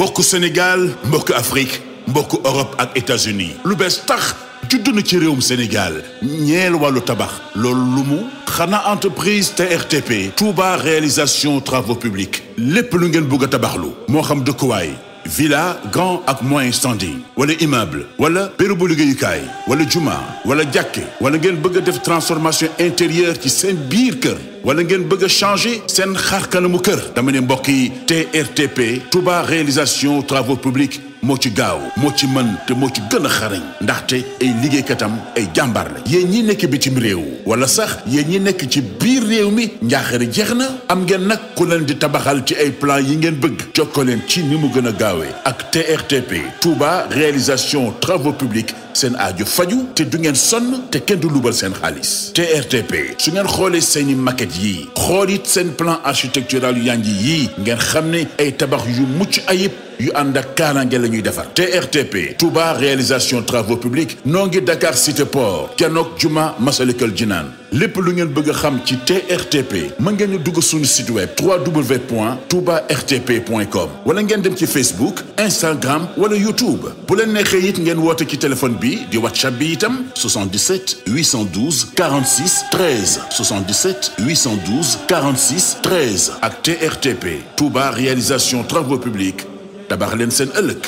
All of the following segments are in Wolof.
mbokk Sénégal mbokk Afrique mbokk Europe ak États-Unis lu bees tax juddu na ci réewum Sénégal ñeel wàllu tabax loolu lu mu xanaa entreprise TRTP Touba réalisation travaux publics lépp lu ngeen bëgg a tabaxlu moo xam dëkkuwaay villa grand ak moyen standing wala immeuble wala bérébu liggéeyukaay wala juma wala jàkke wala ngeen bëgg a def transformation intérieure ci seen biir kër wala ngeen bëgg a changer seen xarkanamu kër dama ne mbokk yi TRTP Touba réalisation travaux publics moo ci gaaw moo ci mën te moo ci gën xarañ ndaxte ay liggéeykatam ay jàmbaar la yéen ñi nekk bitim réew wala sax yéen ñi nekk ci biir réew mi njaaxare jeex na am ngeen nag ku leen di tabaxal ci ay plan yi ngeen bëgg jokkoo leen ci ni mu gën a gaawee ak TRTP Touba réalisation travaux publics seen aajo faju te du ngeen sonn te kenn du lubal seen xaalis TRTP su ngeen xoolee seeni maquette yi xool it seen plan architectural yu yànji yii ngeen xam ne ay tabax yu mucc ayib yu ànd ak kaarange la ñuy defar TRTP Touba réalisation travaux publics noo ngi Dakar cité port kenook juma Masalikul Jinaan lépp lu ngeen bëgg a xam ci TRTP mën ngeen ñu dugg suñu site web www.toubartp.com wala ngeen dem ci Facebook Instagram wala YouTube bu leen neexee it ngeen woote ci téléphone bi di WhatsApp bi itam 77 812 46 13 77 812 46 13 ak TRTP Touba réalisation travaux publics tabax leen seen ëllëg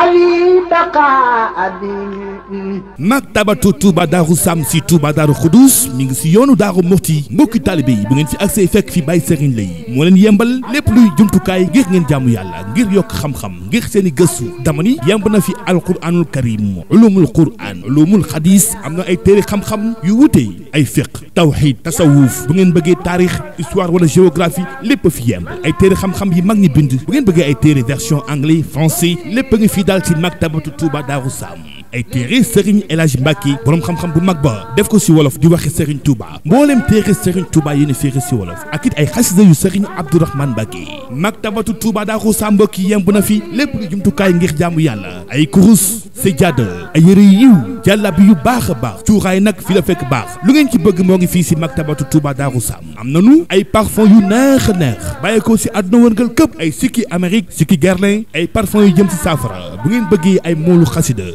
ali baqa abi Maktabatu Touba Darou Sam si Touba Darou Khoudous mi ngi si yoonu Darou Mouhty mbokki taalibe yi bu ngeen fi accès fekk fi bay Serigne Lay moo leen yembal lépp luy jumtukaay ngir ngeen jaamu yàlla ngir yokk xam-xam ngir seeni i gëstu dama ni yemb na fi alquranul karim ulumul quran ulumul xadis am na ay téere xam yu wute ay fiq tawxid tasawuf bu ngeen bëggee taarix histoire wala géographie lépp fi yemb ay téere xam-xam yi mag ñi bind bu ngeen bëggee ay téere version anglais français lépp a ngi daal ci Maktabatu Touba Darou Sam ay téere Serigne El Hadj Mbacke borom xam-xam bu mag ba def ko si wolof di waxe Serigne Touba mbooleem téere Serigne Touba yéen a féere si wolof ak it ay xasida yu Serigne Abdourahmane Mbacke maktabatu Touba daa ko sa mbokk yi yemb na fi lépp lu jumtukaay ngir jaamu yàlla ay kurus sajjaada ay yëre yiw jàllabi yu baax a baax cuuraay nag fi la fekk baax lu ngeen ci bëgg moo ngi fii si maktabatu Touba Daaru Sam am nanu ay parfum yu neex a neex bàyyi ko si àdduna wërngal këpp ay sikki Amérique sikki Guerlain ay parfum yu jëm saafara bu ngeen bëggee ay moolu xasida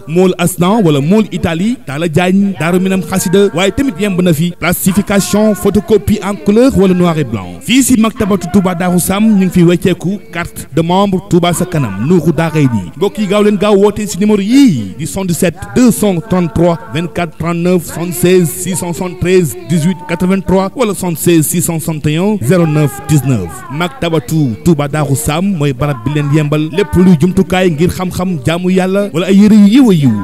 Instant wala Mool Italie Talla Diagne Daaru Minam Xasida waaye tamit yemb na fi plastification photocopie en couleur wala noir et blanc fii si Maktabatu Touba Daaru Sam ñu ngi fi wecceeku carte de membre Touba sa kanam Nuuru Daaray yi mbokk yi gaaw leen gaaw woote si numéro yii di 77 233 24 39 76 673 18 83 wala 76 661 09 19 Maktabatu Touba Daaru Sam mooy barab bi leen yembal lépp lu jumtukaay ngir xam-xam jaamu yàlla wala ay yëre yu yiw a yiw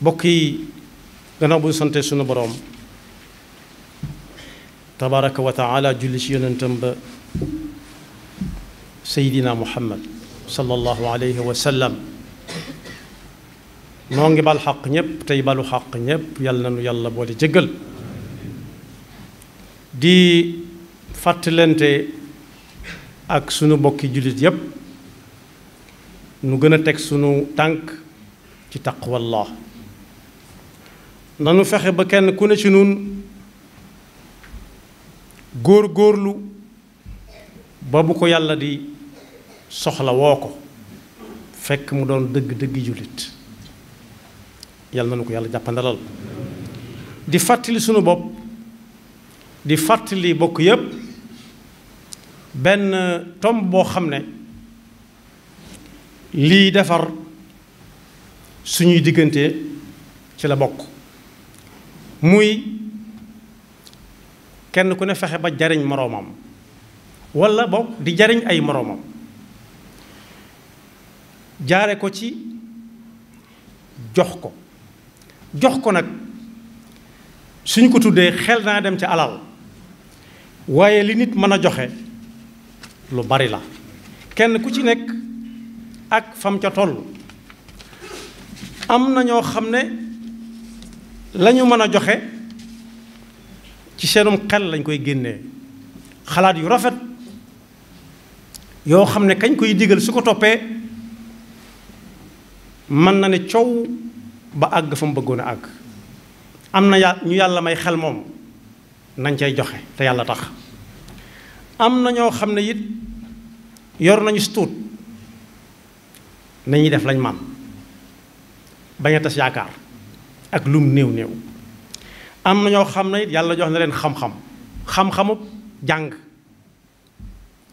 mbokk yi gannaaw bu ñu sante sunu boroom tabaraka wa taala julli ci yonentam ba seydina muhammad sallallahu alayhi wa sallam noo ngi bal xaq ñépp tey balu xaq ñépp yàlla na nu yàlla boole jëggal di fàttalante ak sunu bokki jullit yépp nu gën a teg sunu tànk ci na nanu fexe ba kenn ku ne ci nun góor góorlu ba bu ko yàlla di soxla woo ko fekk mu doon dëgg dëggi jullit yàlla nanu ko yàlla jàppandalal di fàttali sunu bopp di fàttali bokk yépp benn tomb boo xam ne lii defar suñuy diggante ci la bokk muy kenn ku ne fexe ba jariñ moroomam walla bokk di jariñ ay moroomam jaare ko ci jox ko jox ko nag suñ ko tuddee xel naa dem ci alal waaye li nit mën a joxe lu bari la kenn ku ci nekk ak fam ca toll am na ñoo xam ne lañu mën a joxe ci seenum xel lañ koy génnee xalaat yu rafet yoo xam ne kañ koy digal su ko toppee mën na ne coow ba àgg fa mu bëggoon a àgg am na ya ñu yàlla may xel moom nañ cay joxe te yàlla tax am na ñoo xam ne it yor nañu si tuut nañuy def lañ man bañ a tas yaakaar ak lum néew néew am na ñoo xam ne yàlla jox na leen xam-xam xam-xamub jàng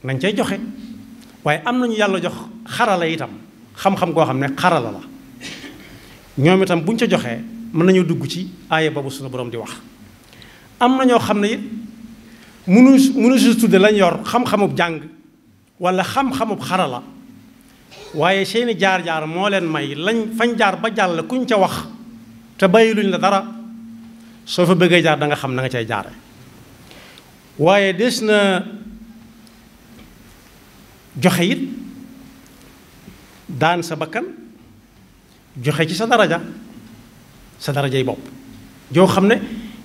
nañ cay joxe waaye am nañu yàlla jox xarala itam xam-xam koo xam ne xarala la ñoom itam buñ ca joxee mën nañu dugg ci aaya boobu suñu borom di wax am na ñoo xam ne mënu mënu si lañ yor xam-xamub jàng wala xam-xamub xarala waaye seeni jaar-jaar moo leen may lañ fañ jaar ba jàll kuñ ca wax te bay luñ la dara soo fa bëggee jaar danga xam na cay jaare waaye des na joxe it daan sa bakkan joxe ci sa daraja sa yi bopp yoo xam ne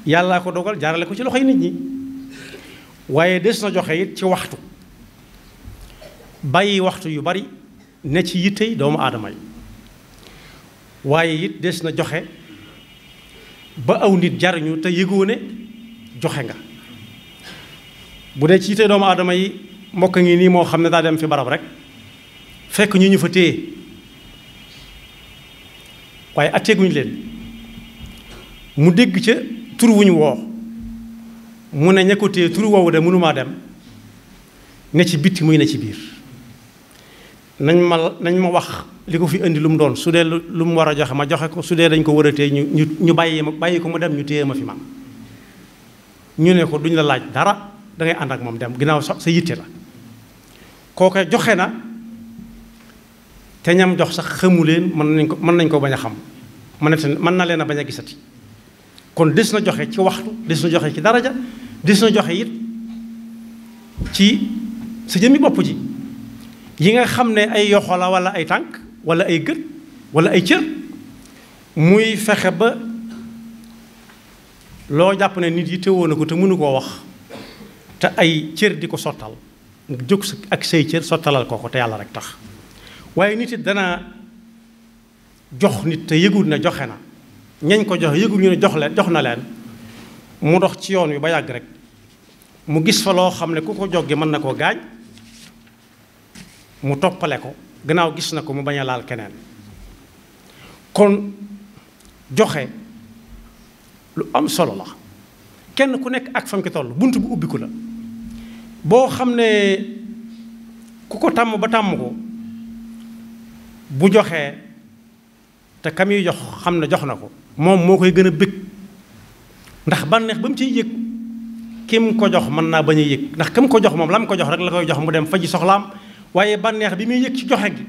yàllaa ko dogal jaarale ko ci loxo yi nit ñi waaye des na joxe it ci waxtu bàyyi waxtu yu bari ne ci yittey doomu aadama yi waaye it des na joxe ba aw nit jariñu te yëgoo ne joxe nga bu dee ci yittey doomu aadama yi mbokk ngi nii moo xam ne daa dem fi barab rek fekk ñu ñu fa téye waaye atteeguñu leen mu dégg ca tur wuñ woo mu ne ña ko téye tur woowu de mënumaa dem ne ci bitti muy ne ci biir nañ ma nañ ma wax li ko fi indi lu mu doon su dee lu mu war a joxe ma joxe ko su dee dañ ko wëratee ñu ñu ñu bàyyi ma bàyyi ko mu dem ñu téye ma fi man ñu ne ko duñ la laaj dara dangay ànd ak moom dem ginnaaw sa yitte la kooke joxe na te ñam jox sax xamu leen mën nañ ko mën nañ ko bañ a xam mën na leen a bañ a gisati kon des na joxe ci waxtu des na joxe ci daraja des na joxe it ci sa jëmmi bopp ji yi nga xam ne ay yoxo la wala ay tànk wala ay gët wala ay cër muy fexe ba loo jàpp ne nit yi teewoo na ko te mënu koo wax te ay cër di ko sottal jóg ak say cër sottalal ko ko te yàlla rek tax waaye nit it dana jox nit te yëgul na joxe na ñañ ko jox yëgul ñu jox leen jox na leen mu dox ci yoon wi ba yàgg rek mu gis fa loo xam ne ku ko joggi mën na koo gaañ mu toppale ko gannaaw gis na ko mu bañ laal keneen kon joxe lu am solo la kenn ku nekk ak fam ki toll bunt bu ubbiku la boo xam ne ku ko tàmm ba tàmm ko bu joxee te kam yi jox xam ne jox na ko moom moo koy gën a bëgg ndax bànneex ba mu ciy yëg kim ko jox man naa bañ a yëg ndax kam ko jox moom la mu ko jox rek la koy jox mu dem faji soxlaam waaye bànneex bi muy yëg ci joxe gi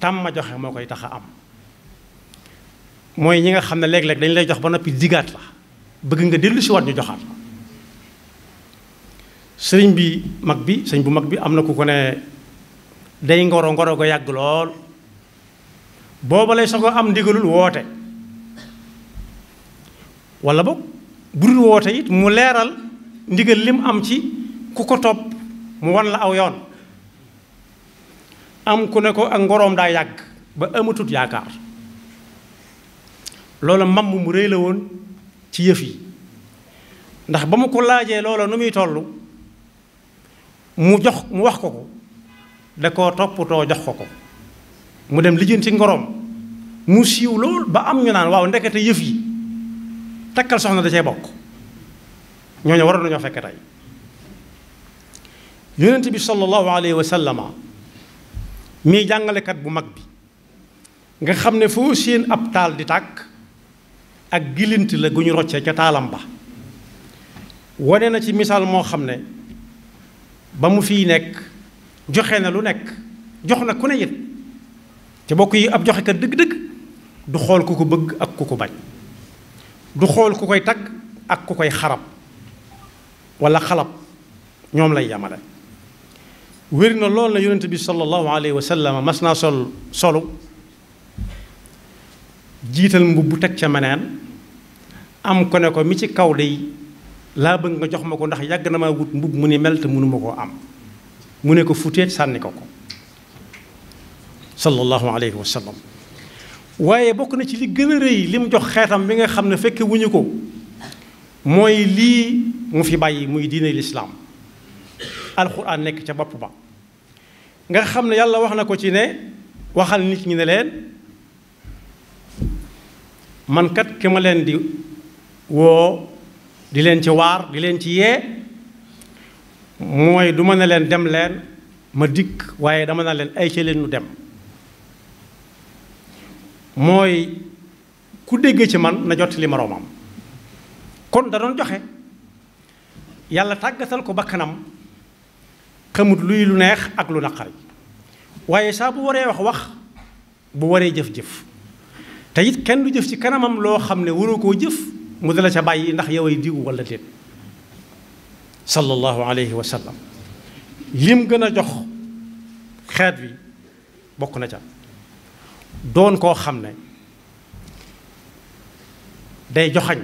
tàmm ma joxe moo koy tax a am mooy ñi nga xam ne léeg-léeg dañ lay jox ba noppi digaat la bëgg nga dellu si waat ñu joxaat ko sëriñ bi mag bi sëriñ bu mag bi am na ku ko ne day ngoro ngoro ko yàgg lool booba lay soo ko am ndigalul woote wala boog bu dul woote it mu leeral ndigal lim am ci ku ko topp mu wan la aw yoon am ku ne ko ak ngoroom daa yàgg ba amatut yaakaar loola mbamb mu rëy la woon ci yëf yi ndax ba mu ko laajee loola nu muy toll mu jox mu wax ko ko da ko toppatoo jox ko ko mu dem lijjanti ngoroom mu siiw lool ba am ñu naan waaw ndekete yëf yi takkal soxna da cee bokk ñooñu waroon nañoo fekk tey yonent bi sallallahu alayhi wa sallama mii jàngalekat bu mag bi nga xam ne foo séen ab taal di tàkk ak gilint la gu ñu roccee ca taalam ba wane na ci misaal moo xam ne ba mu fiy nekk joxe na lu nekk jox na ku ne it te bokk yi ab joxekat dëgg-dëgg du xool ku ko bëgg ak ku ko bañ du xool ku koy tagg ak ku koy xarab walla xalab ñoom lay yamale wér na lool na yonent bi sallallahu alayhi wa sallam mas naa sol solu jiital mbubb bu teg ca meneen am ko ne ko mi ci kaw day laa bëgg nga jox ma ko ndax yàgg na maa wut mbubb mu ni mel mënuma koo am mu ne ko futeet sànni ko ko sallallahu alayhi wa sallam waaye bokk na ci li gën a rëy li mu jox xeetam bi nga xam ne fekk ko mooy lii mu fi bàyyi muy diine lislaam alxuraan nekk ca bopp ba nga xam ne yàlla wax na ko ci ne waxal nit ñi ne leen man kat ki ma leen di woo di leen ci waar di leen ci yee mooy du ma ne leen dem leen ma dikk waaye dama na leen ay ca leen dem mooy ku dégg ci man na jot li moroomam kon da doon joxe yàlla tàggatal ko bakkanam xamut luy lu neex ak lu naqari waaye saa bu waree wax wax bu waree jëf-jëf te it kenn du jëf ci kanamam loo xam ne waroo koo jëf mu dala ca bàyyi ndax yow ay diw wala déet sallallahu alayhi wa sallam lim gën a jox xeet wi bokk na ca doon koo xam ne day joxañ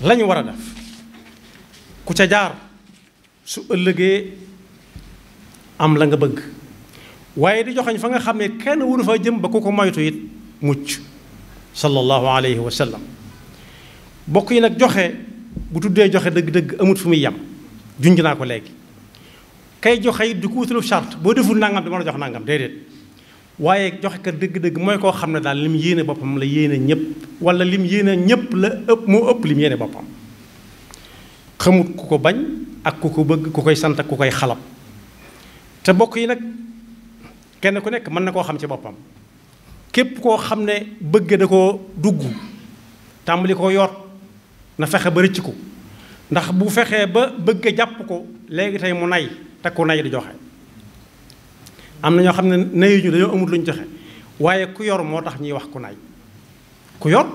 lañu war a def ku ca jaar su ëllëgee am la nga bëgg waaye di joxeñ fa nga xam ne kenn waru fa jëm ba ku ko moytu it mucc sallallahu alayhi wa sallam bokk yi nag joxe bu tuddee joxe dëgg-dëgg amut fu muy yem junj naa ko léegi kay joxe it du ko utalub charte boo deful nangam dama la jox nangam déedéet waaye joxe ka dëgg-dëgg mooy koo xam ne daal lim yéene boppam la yéene ñëpp wala lim yéene ñëpp la ëpp moo ëpp lim yéene boppam xamut ku ko bañ ak ku ko bëgg ku koy sant ak ku koy xalab te bokk yi nag kenn ku nekk mën na koo xam ci boppam képp koo xam ne bëgg da koo dugg tàmbali koo yor na fexe ba rëcc ko ndax bu fexee ba bëgg jàpp ko léegi tey mu nay te ku nay di joxe am na ñoo xam ne nayuñu dañoo amul lu ñu joxe waaye ku yor moo tax ñuy wax ku nay ku yor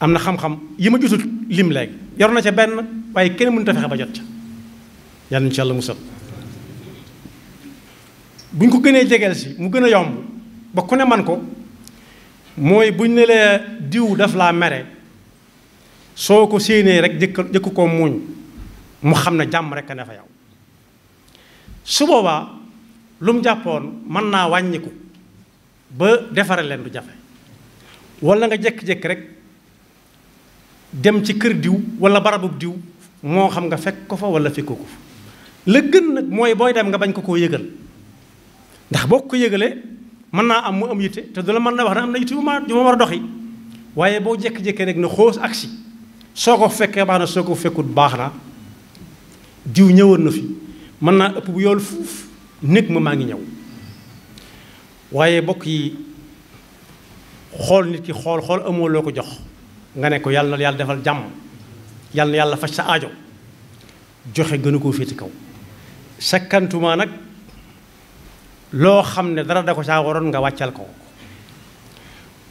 am na xam-xam yi ma jotul lim léegi yor na ca benn waaye kenn mënut a fexe ba jot ca yàlla incha allah musal bu ñu ko gënee jegeel si mu gën a yomb ba ku ne man ko mooy buñ ne la diw daf laa mere soo ko séenee rek jëkk jëkk koo muuñ mu xam ne jàmm rek ne fa yow su boobaa lu mu jàppoon mën naa wàññiku ba defare leen du jafe wala nga jékki-jékki rek dem ci kër diw wala barabub diw moo xam nga fekk ko fa wala fekku ko fa la gën nag mooy booy dem nga bañ ko koo yëgal ndax boo ko yégalee mën naa am mu am yitte te du la mën na wax ne am na yitte bu ma ju ma war a doxi waaye boo jékki-jékkee rek na xoos agsi soo ko fekkee baax na soo ko fekkut baax na diw ñëwoon na fi mën naa ëpp bu yool fuuf nekk ma maa ngi ñëw waaye bokk yi xool nit ki xool xool amoo loo ko jox nga ne ko yàlla na yàlla defal jàmm yàlla na yàlla faj sa aajo joxe gënu koo féeti kaw sakkantuma nag loo xam ne dara da ko saa waroon nga wàccal ko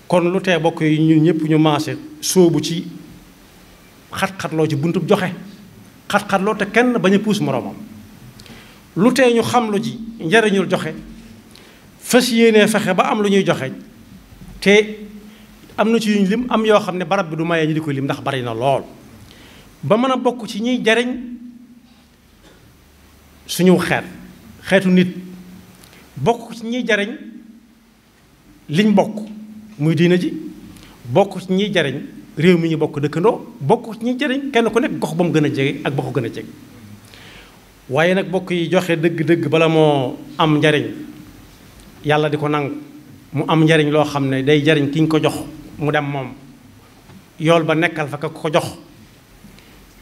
kon lu tee bokk yi ñun ñëpp ñu maase sóobu ci xat-xatloo ci buntub joxe xat-xatloo te kenn bañ a puus moroomam lu tee ñu xam lu ji njariñul joxe fas yéenee fexe ba am lu ñuy joxe te am na ci yuñ lim am yoo xam ne barab bi du mayee ñu di ko lim ndax bari na lool ba mën a bokk ci ñuy jariñ suñu xeet xeetu nit bokk ci ñiy jariñ liñ bokk muy diina ji bokk ci ñiy jariñ réew mi ñu bokk dëkkandoo bokk ci ñiy jariñ kenn ko nekk gox ba mu gën a jege ak ba ko gën a jege waaye nag bokk yi joxe dëgg-dëgg bala moo am njariñ yàlla di ko nangu mu am njariñ loo xam ne day jariñ ki ñu ko jox mu dem moom yool ba nekkal fa ka ko jox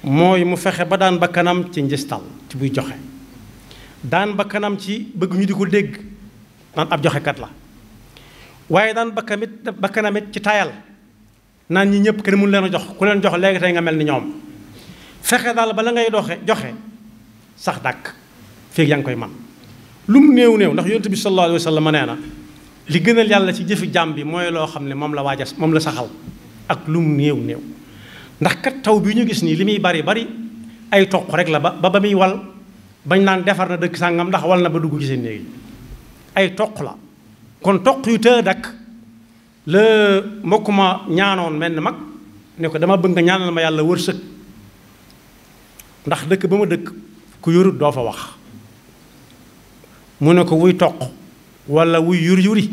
mooy mu fexe ba daan bakkanam ci njistal ci buy joxe daan bakkanam ci bëgg ñu di ko dégg naan ab joxekat la waaye daan bakkamit bakkanamit ci tayal naan ñi ñëpp kenn mënu leen a jox ku leen jox léegi tey nga mel ni ñoom fexe dal bala ngay doxe joxe sax dàkk feeg yaa ngi koy man lu néew néew ndax yonent bi sallallahu alayhi wa sallam na li gënal yàlla ci jëfi jàmm bi mooy loo xam ne moom la waaja moom la saxal ak lu mu néew néew ndax kat taw bi ñu gis nii li muy bari bari ay toq rek la ba ba ba muy wal bañ naan defar na dëkk sàngam ndax wal na ba dugg ci seen néeg yi ay toq la kon toq yu tëdd dakk la mbokk ma ñaanoon mel ni mag ne ko dama bëgg nga ñaanal ma yàlla wërsëg ndax dëkk ba ma dëkk ku yorut doo fa wax mu ne ko wuy toq walla wuy yur yuri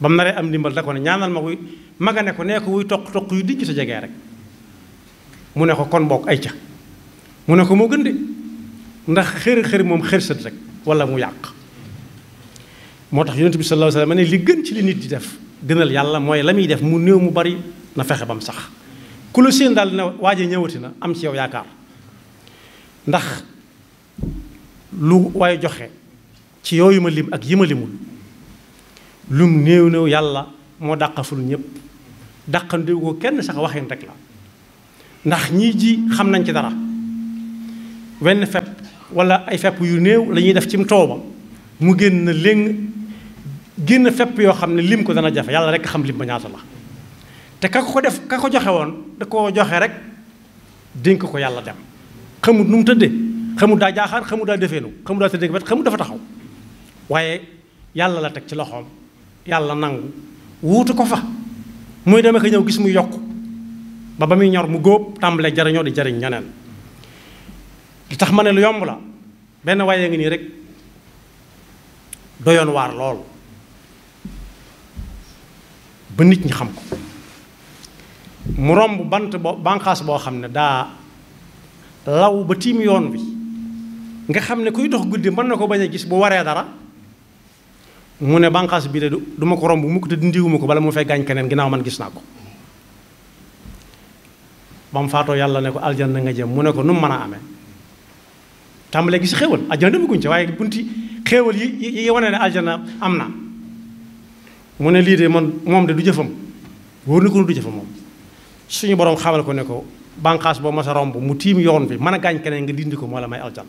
ba mu naree am ndimbal da ko ne ñaanal ma wuy maga ne ko nee ko wuy toq toq yu dijj sa jegee rek mu ne ko kon bokk ay ca mu ne ko moo gën de ndax xër-xër moom xërsat rek wala mu yàq moo tax yonent bi sallallahu alayhi wasallam ne li gën ci li nit di def gënal yàlla mooy la muy def mu néew mu bari na fexe bam sax ku la seen daal na waaje ñëwati na am ci yow yaakaar ndax lu waaye joxe ci yooyu ma lim ak yi ma limul lum néew néew yàlla moo dàqaful ñëpp dàqandiwu ko kenn sax waxin rek la ndax ñii ji xam nañ ci dara wenn fepp wala ay fepp yu néew la ñuy def cim tooba mu génn léng génn fepp yoo xam ne lim ko dana jafe yàlla rek xam lim ba ñaata la te ka ko def ka ko joxe woon da ko joxe rek dénk ko yàlla dem xamut nu mu tëddee xamut daa jaaxaar xamut daa defeenu xamut daa tëddee bet xamut dafa taxaw waaye yàlla la teg ci loxoom yàlla nangu wuutu ko fa muy demee ko ñëw gis muy yokk ba ba muy ñor mu góob tàmbalee jariñoo di jariñ ñeneen li tax ma ne lu yomb la benn waaye ngi nii rek doyoon waar lool ba nit ñi xam ko mu romb bant bo banqaas boo xam ne daa law ba tiim yoon wi nga xam ne kuy dox guddi mën na ko bañ a gis bu waree dara mu ne bànqaas bii de du ma ko romb mukk te dindiwuma ko bala mu fay gaañ keneen ginnaaw man gis naa ko ba mu faatoo yàlla ne ko aljanna nga jëm mu ne ko nu mu mën a amee tàmbalee gis xéewal aljana demaguñ ca waaye yi xéewal yi yi wanee ne aljana am na mu ne lii de man moom de du jëfam wóor na ko du jëfam moom suñu borom xamal ko ne ko banqaas boo mas a romb mu tiim yoon bi mën a gaañ keneen nga dindi ko moo la may aljana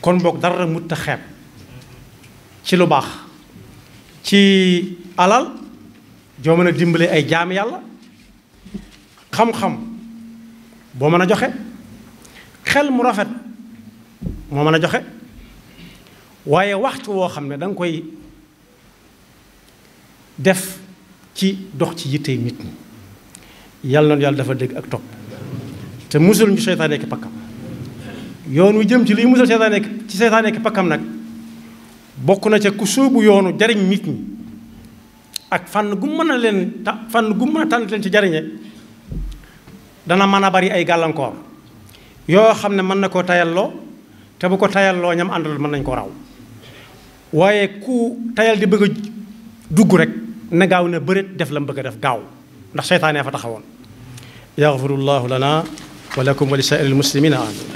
kon boog dara mut a xeeb ci lu baax ci alal joo mën a dimbale ay jaam yàlla xam-xam boo mën a joxe xel mu rafet moo mën a joxe waaye waxtu woo xam ne danga koy def ci dox ci yittey nit ñi yàlla noonu yàlla dafa dégg ak topp te musal ñu seytaane ki pakkam yoon wi jëm ci liy musal seytaane ci seytaane ki pakkam nag bokk na ca ku sóobu yoonu jariñ nit ñi ak fànn gu mën a leen ta gu mën a tànn leen ci jariñe dana mën a bari ay gàllankoor yoo xam ne mën na koo tayalloo te bu ko tayalloo ñam àndal mën nañ koo raw waaye ku tayal di bëgg dugg rek na gaaw na bëreet def la mu bëgg a def gaaw ndax seytaanee fa taxawoon yaxfiru llahu lana wa lakum wa li saa'iril muslimina amin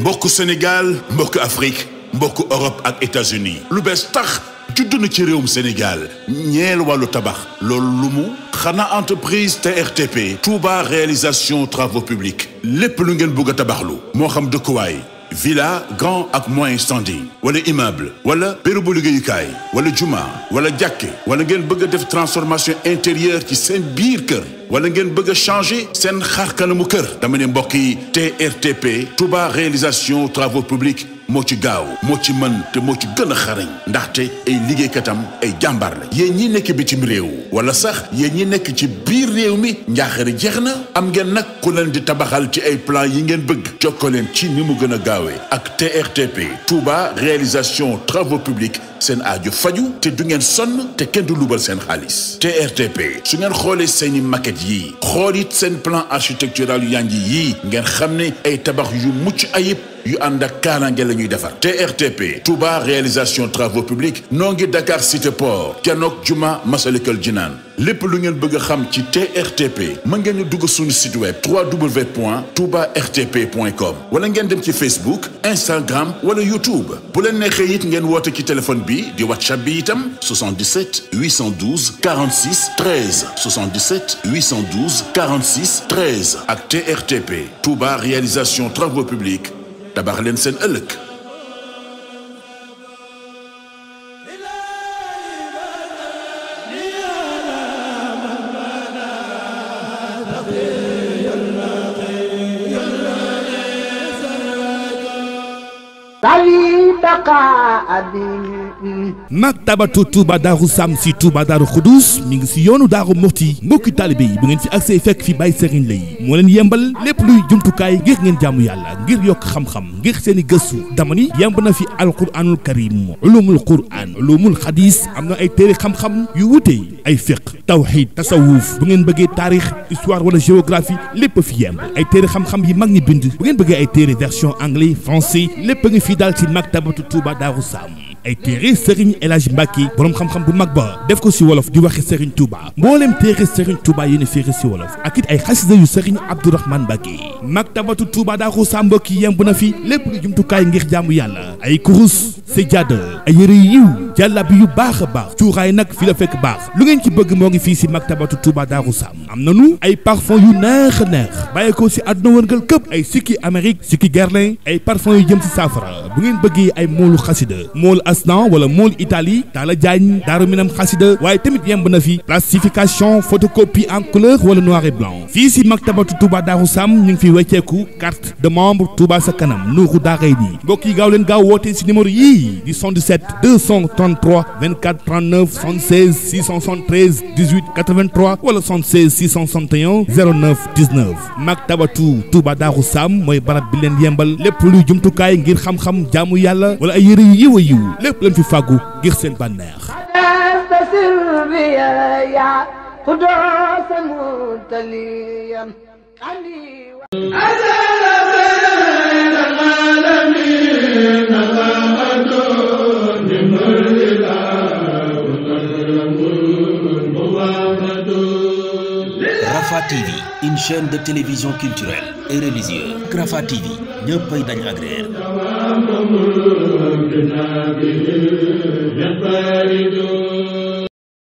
mbokk Sénégal mbokk Afrique mbokk Europe ak États-Unis lu bees tax judd na ci réewum Sénégal ñeel wàllu tabax loolu lu mu xanaa entreprise TRTP Touba réalisation travaux publics lépp lu ngeen bëgg a tabaxlu moo xam dëkkuwaay villa grand ak moyen standing wala immeuble wala bérébu liggéeyukaay wala juma wala jàkke wala ngeen bëgg a def transformation intérieure ci seen biir kër wala ngeen bëgg a changer seen xarkanamu kër dama ne mbokk yi TRTP Touba réalisation travaux publics moo ci gaaw moo ci mën te moo ci gën xarañ ndaxte ay liggéeykatam ay jàmbaar la yéen ñi nekk bitim réew wala sax yéen ñi nekk ci biir réew mi njaaxari jeex na am ngeen nag ku leen di tabaxal ci ay plan yi ngeen bëgg jokkoo ci ni mu gën a gaawee ak TRTP Touba réalisation travaux publics seen aaju faju te du ngeen sonn te kenn du lubal seen xaalis TRTP su ngeen xoolee seeni maquette yi xool it seen plan architectural yu yanji yii ngeen xam ne ay tabax yu mucc ayib yu ànd ak kaaraange la ñuy defar TRTP Touba réalisation travaux publics noo ngi Dakar cité port kenook juma Masalikul Jinaan lépp lu ngeen bëgg a xam ci TRTP mën ngeen ñu dugg suñu site web www.toubartp.com wala ngeen dem ci Facebook Instagram wala YouTube bu leen neexee it ngeen woote ci téléphone bi di WhatsApp bi itam 77 812 46 13 77 812 46 13 ak TRTP Touba réalisation travaux publics tabax leen seen ëllëg maktabatu Touba Darou Sam si daaru Darou Khoudous mi ngi si yoonu Darou Moxti mbokki taalibe yi bu ngeen fi agsee fekk fi bay Serigne lay moo leen yembal lépp luy jumtukaay ngir ngeen jaamu yàlla ngir yokk xam-xam ngir seen i gëstu dama ni yemb na fi alquranul karim ulumul quran ulumul xadis am na ay téere xam yu wute ay fiq tawxid tasawuf bu ngeen bëggee taarix histoire wala géographie lépp fi yemb ay téere xam-xam yi mag ñi bind bu ngeen bëggee ay téere version anglais français lépp nga fi ngi dal ci maktabatu Touba Darou Sam ay téere Serigne El Hadj Mbacke borom xam-xam bu mag ba def ko si wolof di waxe Serigne Touba mbooleem téere Serigne Touba yéen a féere si wolof ak it ay xasida yu Serigne Abdourahmane Mbacke maktabatu Touba daa ko sa mbokk yi yemb na fi lépp lu jumtukaay ngir jaamu yàlla ay kurus sajjaada ay yëre yiw jàllabi yu baax a baax cuuraay nag fi la fekk baax lu ngeen ci bëgg moo ngi fii si maktabatu Touba Darou Sam am nanu ay parfum yu neex a neex bàyyi ko si àdduna wërngal këpp ay sikki Amérique sikki Guerlain ay parfum yu jëm saafara bu ngeen bëggee ay moolu xasida moolu Afghanistan wala mool Italie Talla Diagne Daaru Minam xasida waaye tamit yemb na fi plastification photocopie en couleur wala noir et blanc fii si Maktabatu Touba Daaru Sam ñu ngi fi wecceeku carte de membre Touba sa kanam nuuru daaray nii mbokk yi gaaw leen gaaw woote si numéro yii di 77 233 24 39 76 673 18 83 wala 76 661 09 19 Maktabatu Touba Daaru Sam mooy barab bi leen yembal lépp lu jumtukaay ngir xam-xam jaamu yàlla wala ay yëre yu yiw a yiw lépp lañ fi fàggu ngir seen bànneex Rafah TV une chaîne de télévision culturelle et religieuse Rafah TV ñëppay dañ agréer بنا به ينفرد